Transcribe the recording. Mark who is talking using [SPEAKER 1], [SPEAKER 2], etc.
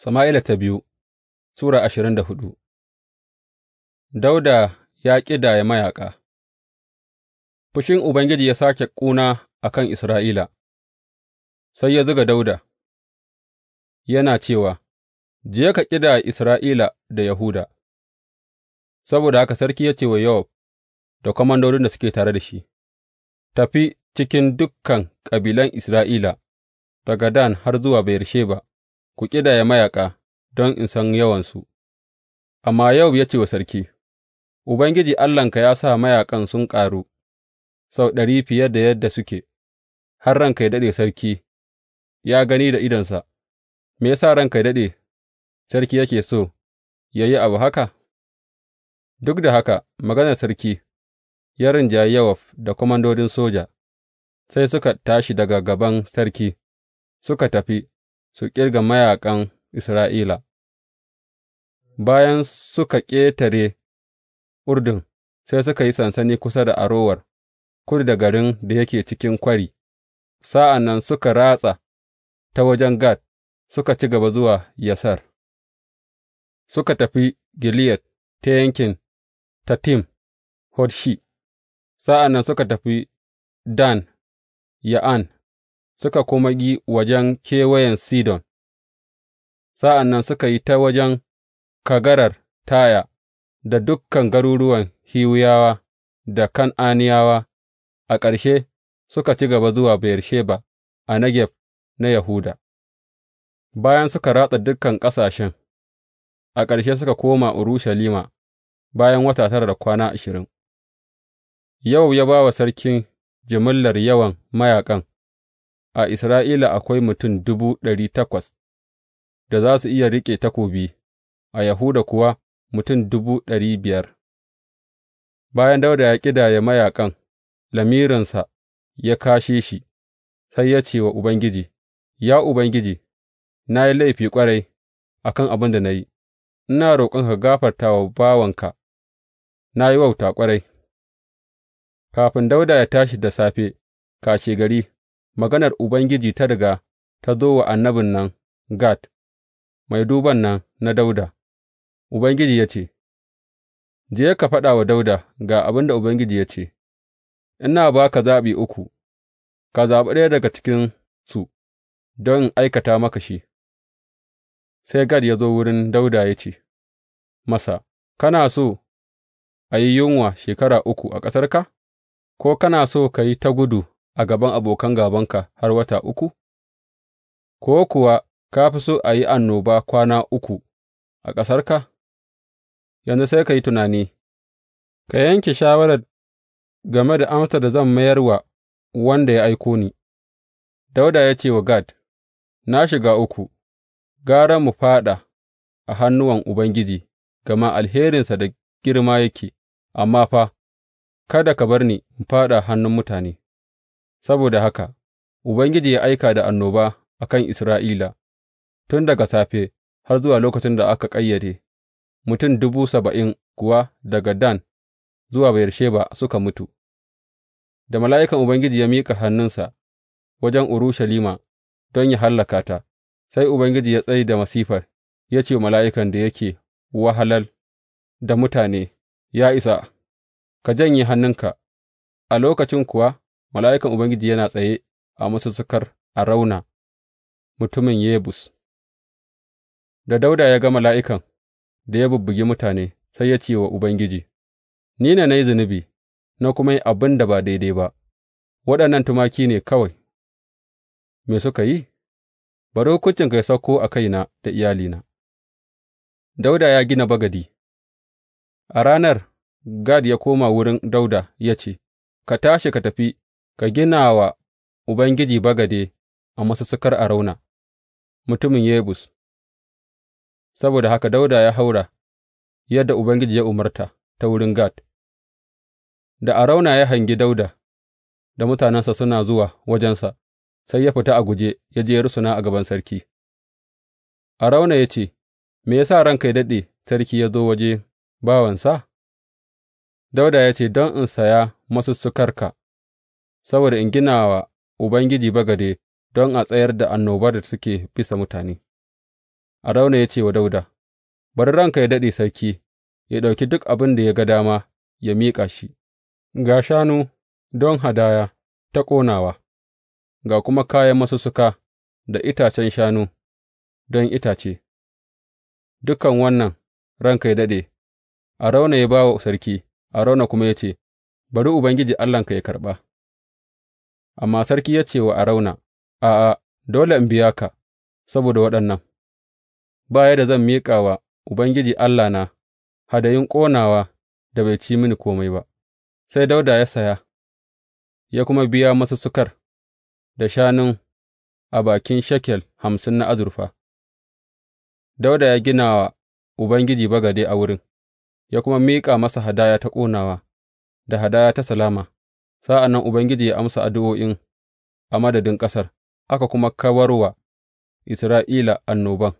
[SPEAKER 1] Sama'ila ta biyu Sura ashirin da hudu Dauda ya ƙidaya mayaƙa Fushin Ubangiji ya sake ƙuna a kan Isra'ila, sai ya zuga Dauda, yana cewa, Je ka ƙida Isra'ila da Yahuda, saboda haka sarki ya ce wa Yowab da kwamandorin da suke tare da shi, Tafi cikin dukkan kabilan Isra'ila, daga Dan har zuwa sheba. Ku ƙidaya mayaƙa don in san yawansu. Amma Yowab ya ce wa sarki, Ubangiji Allahnka ya sa mayaƙan sun ƙaru sau ɗari fiye da yadda suke, har ranka ya daɗe sarki ya gani da idonsa, me ya sa ranka ya daɗe sarki yake so ya yi abu haka? Duk da haka maganar sarki ya rinjayi Yowab da komandodin soja, sai suka tashi daga gaban sarki, suka tafi su ƙirga mayaƙan Isra'ila, bayan suka ƙetare Urdun, sai suka yi sansani kusa da Arowar, kudu da garin da yake cikin kwari, sa'an nan suka ratsa ta wajen Gad, suka ci gaba zuwa Yasar, suka tafi Gileyad ta yankin Tatim, Hodshi, sa'an nan suka tafi Dan, Ya'an. suka kuma yi wajen kewayen Sidon, sa'an nan suka yi ta wajen kagarar Taya da dukkan garuruwan Hiwiyawa da Kan'aniyawa, a ƙarshe suka ci gaba zuwa Beyersheba a Negeb na Yahuda. Bayan suka ratsa dukkan ƙasashen, a ƙarshe suka koma Urushalima bayan wata tara da kwana ashirin. Yau ya ba wa sarki jimillar yawan mayaƙan. a Isra'ila akwai mutum dubu ɗari takwas da za su iya riƙe takobi, a Yahuda kuwa mutum dubu ɗari biyar. Bayan Dauda ya ya mayaƙan, lamirinsa ya kashe shi, sai ya ce wa Ubangiji, Ya Ubangiji, na yi laifi ƙwarai a kan abin da na yi, ina roƙonka ka gafarta wa bawanka, na yi wauta ƙwarai. Kafin Dauda ya tashi da safe gari. maganar Ubangiji ta riga ta zo wa annabin nan Gad, mai duban nan na Dauda, Ubangiji ya ce, Je ka faɗa wa Dauda ga abin da Ubangiji ya ce, Ina ba ka zaɓi uku, ka zaɓi ɗaya daga cikinsu don aikata maka shi. Sai Gad ya zo wurin Dauda ya ce masa, Kana so a yi yunwa shekara uku a ƙasarka, ko kana so ka yi ta gudu a gaban abokan gābanka har wata uku, ko kuwa ka fi so a yi annoba kwana uku a ƙasarka? Yanzu sai ka yi tunani, ka yanke shawarar game da amsa da zan mayar wa wanda ya aiko ni. Dauda ya ce wa Gad, Na shiga uku, gara mu fāɗa a hannuwan Ubangiji, gama alherinsa da girma yake, amma fa, kada ka bar ni in fāɗa hannun mutane. Saboda haka Ubangiji ya aika da annoba a kan Isra'ila tun daga safe har zuwa lokacin da aka ƙayyade, mutum dubu saba'in kuwa daga Dan zuwa Beyersheba suka mutu, da mala'ikan Ubangiji ya miƙa hannunsa wajen Urushalima don ya hallaka ta, sai Ubangiji ya tsaye da masifar, ya ce mala'ikan da yake wahalal da mutane, Ya isa, ka janye hannunka, a lokacin kuwa. Mala'ikan Ubangiji yana tsaye a masussukar Arauna mutumin Yebus Da Dauda ya ga mala'ikan da ya bubbugi mutane, sai ya ce wa Ubangiji, Ni ne na yi zunubi, na kuma yi abin da ba daidai ba, waɗannan tumaki ne kawai, me suka yi? Bari hukuncinka ya sauko a kaina da iyalina. Dauda ya gina bagadi A ranar, Gad ya koma wurin Dauda ya ce, Ka tashi ka tafi Ka gina wa Ubangiji bagade a masussukar Arauna, mutumin Yebus, saboda haka Dauda ya haura yadda Ubangiji ya umarta ta wurin Gad. Da Arauna ya hangi Dauda da mutanensa suna zuwa wajensa, sai ya fita a guje ya je rusuna a gaban sarki. Arauna ya ce, Me ya sa ranka ya daɗe sarki ya zo waje bawansa? Dauda ya ce, Don in saya masussukarka. saboda in gina wa Ubangiji bagade don a tsayar da annobar da suke bisa mutane. Arauna ya ce wa Dauda, Bari ranka ya daɗe sarki, ya ɗauki duk abin da ya ga dama ya miƙa shi, ga shanu don hadaya ta ƙonawa, ga kuma kayan masussuka da itacen shanu don itace, dukan wannan ranka ya daɗe, Arauna ya ba wa sarki, Arauna kuma ya ce, Bari Ubangiji Allahnka ya karɓa. Amma sarki ya ce wa Arauna, A'a, dole in biya ka saboda waɗannan, ba yadda zan miƙa wa Ubangiji Allahna hadayun ƙonawa da bai ci mini kome ba, sai Dauda ya saya, ya kuma biya masu sukar da shanun a bakin shekel hamsin na azurfa. Dauda ya gina wa Ubangiji bagade a wurin, ya kuma miƙa masa hadaya ta ƙonawa da hadaya ta salama. Sa'an nan Ubangiji ya amsa addu'o'in a madadin ƙasar, aka kuma kawar wa Isra'ila annoban.